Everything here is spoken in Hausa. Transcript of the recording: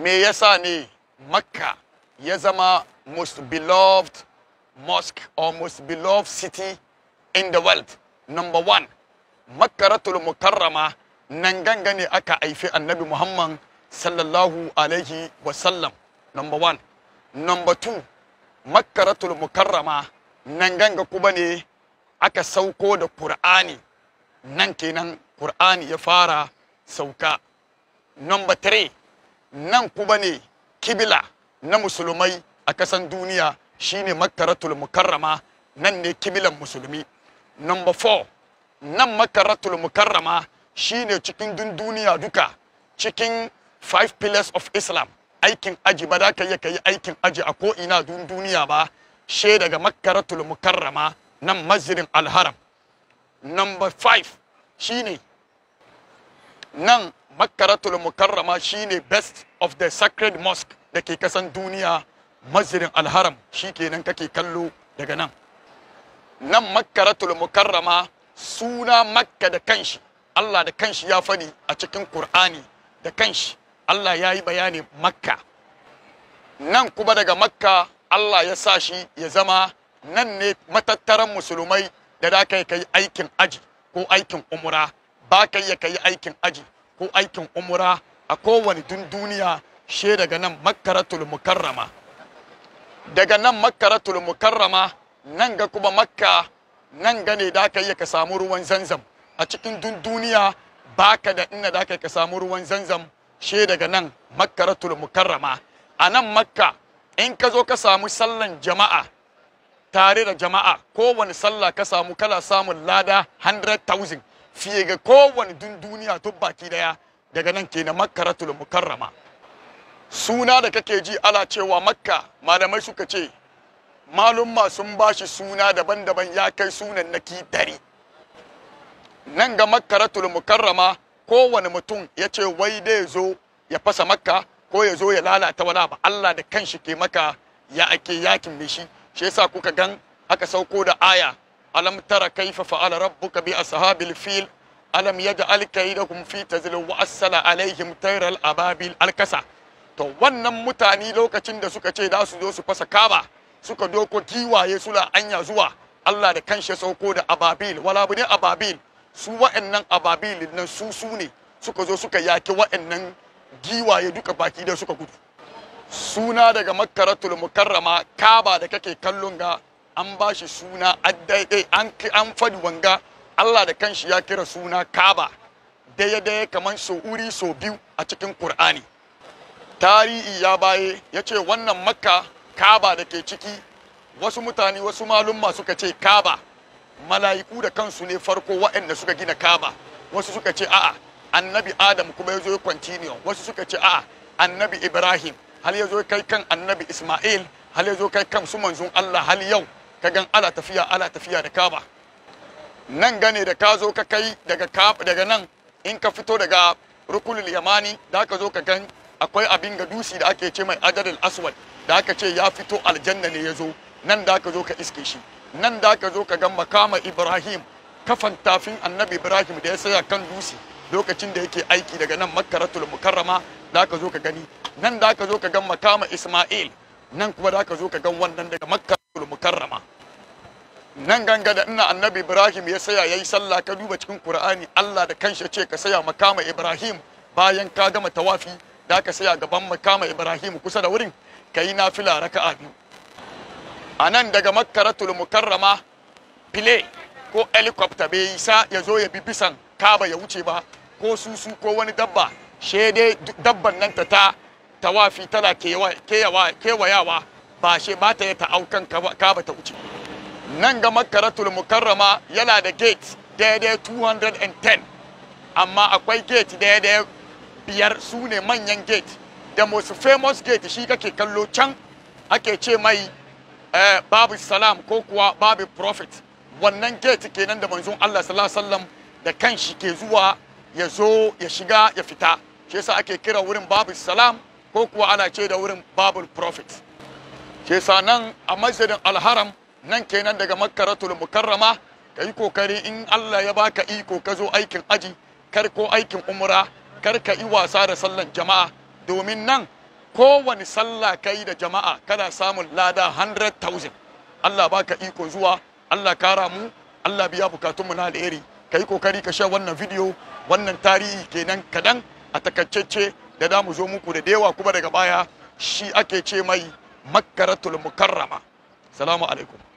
me yasa ne makka ya zama most beloved mosque or most beloved city in the world number one makkaratul mukarrama nan ganga ne aka haifi annabi muhammad sallallahu alaihi wasallam number one number two makkaratul mukarrama nan ganga kuma ne aka sauko da qur'ani nan kenan qur'ani ya fara sauka number three nan kuma ne kibila na musulmai a kasan duniya shine makaratul mukarrama nan ne kibilan musulmi number four nan makaratul mukarrama shine cikin dun duniya duka cikin five pillars of islam aikin aji ba da ka yi kai aikin aji a ko ina dun duniya ba she daga makaratul mukarrama nan masjidin alharam number five shine nan makaratul mukarrama shine best of the sacred mosque da ke kasan duniya masjidin alharam shi kenan kake kallo daga nan nan makaratul mukarrama suna makka da kanshi allah da kanshi ya faɗi a cikin Kur'ani da kanshi allah ya yi bayani makka nan kuma daga makka allah ya sa shi ya zama nan ne matattaran musulmai da da kai kai aikin aji ko aikin umra ba ka iya kai aikin aji ko aikin umura a kowane dun duniya she daga nan makkaratul mukarrama daga nan makkaratul mukarrama nan ga kuma makka nan ga ne da ka ka samu ruwan zanzam a cikin dun duniya baka da inda da ka samu ruwan zanzam she daga nan makkaratul mukarrama a nan makka in ka zo ka samu sallan jama'a tare da jama'a kowani sallah ka samu kala samun lada 100,000 fiye ga kowane dun duniya tun baki daya daga nan kenan makkaratul mukarrama suna da kake ji ala cewa makka malamai suka ce malumma sun bashi suna daban-daban ya kai sunan na kitari nan ga makkaratul mukarrama kowane mutum ya ce wai dai zo ya fasa makka ko ya zo ya lalata wala ba Allah da kanshi ke maka ya ake yakin mai shi shi yasa kuka gan aka sauko da aya alam tara kaifa fa'ala rabbuka bi ashabil fil alam yaj'al kaydahum fi tazlil wa asala alaihim tayral ababil alkasa to wannan mutane lokacin da suka ce za su zo su fasa kaba suka doko giwaye suna anya zuwa Allah da kanshi sauko da ababil wala bune ababil su wa'annan ababil nan su su ne suka zo suka yaki wa'annan giwaye duka baki da suka gudu suna daga makkaratul mukarrama kaba da kake kallon ga an ba shi suna an eh, an fadi wanga Allah da kanshi ya kira suna Kaba daya daya kamar so uri so biyu a cikin Qur'ani tarihi ya baye ya ce wannan makka Kaba da ke ciki wasu mutane wasu malumma suka ce Kaba mala'iku da kansu ne farko waɗanda suka gina Kaba wasu suka ce a'a annabi Adam kuma ya zo continue wasu suka ce a'a annabi Ibrahim hal ya zo kai kan annabi Ismail hal ya zo kai kan su manzon Allah hal yau ka gan ala tafiya ala tafiya da kaba nan gane da ka zo ka kai daga daga nan in ka fito daga rukulul yamani da ka zo ka gan akwai abin ga dusi da ake ce mai ajarul aswad da aka ce ya fito aljanna ne ya zo nan da ka zo ka iske shi nan da ka zo ka gan makama ibrahim kafan tafin annabi ibrahim da ya saya kan dusi lokacin da yake aiki daga nan makkaratul mukarrama da ka zo ka gani nan da ka zo ka gan makama isma'il nan kuma da ka zo ka gan wannan daga makkaratul mukarrama nan ganga da ina annabi ibrahim ya saya yayi sallah ka duba cikin qur'ani allah da kanshi ce ka saya makama ibrahim bayan ka gama tawafi da ka saya gaban makama ibrahim kusa da wurin ka yi nafila raka'a biyu a nan daga makkaratul mukarrama file ko helicopter bai isa ya zo ya bi bisan kaba ya wuce ba ko susu ko wani dabba she dai dabban nan ta ta tawafi tana kewayawa ba she ba ta yi aukan kaba ta wuce nan ga makaratul mukarrama yana da gate daidai 210 amma akwai gate daidai biyar su ne manyan gate da most famous gate shi kake kallo can ake ce mai eh, babu salam ko kuwa babu prophet wannan gate kenan da manzon Allah sallallahu alaihi wasallam da kanshi ke zuwa ya zo ya shiga ya fita shi yasa ake kira wurin babu salam ko kuwa ana ce da wurin babu prophet shi yasa nan a masjidin alharam nan kenan daga makkaratul mukarrama ka yi kokari in Allah ya baka iko ka zo aikin aji kar ko aikin umra kar ka yi wasa da sallan jama'a domin nan kowane sallah ka da jama'a kana samun lada 100,000 Allah baka iko zuwa Allah kara mu Allah biya bukatunmu na alheri ka yi kokari ka sha wannan video wannan tarihi kenan kadan a takaccece da da mu zo muku da dewa kuma daga baya shi ake ce mai makkaratul mukarrama salamu alaikum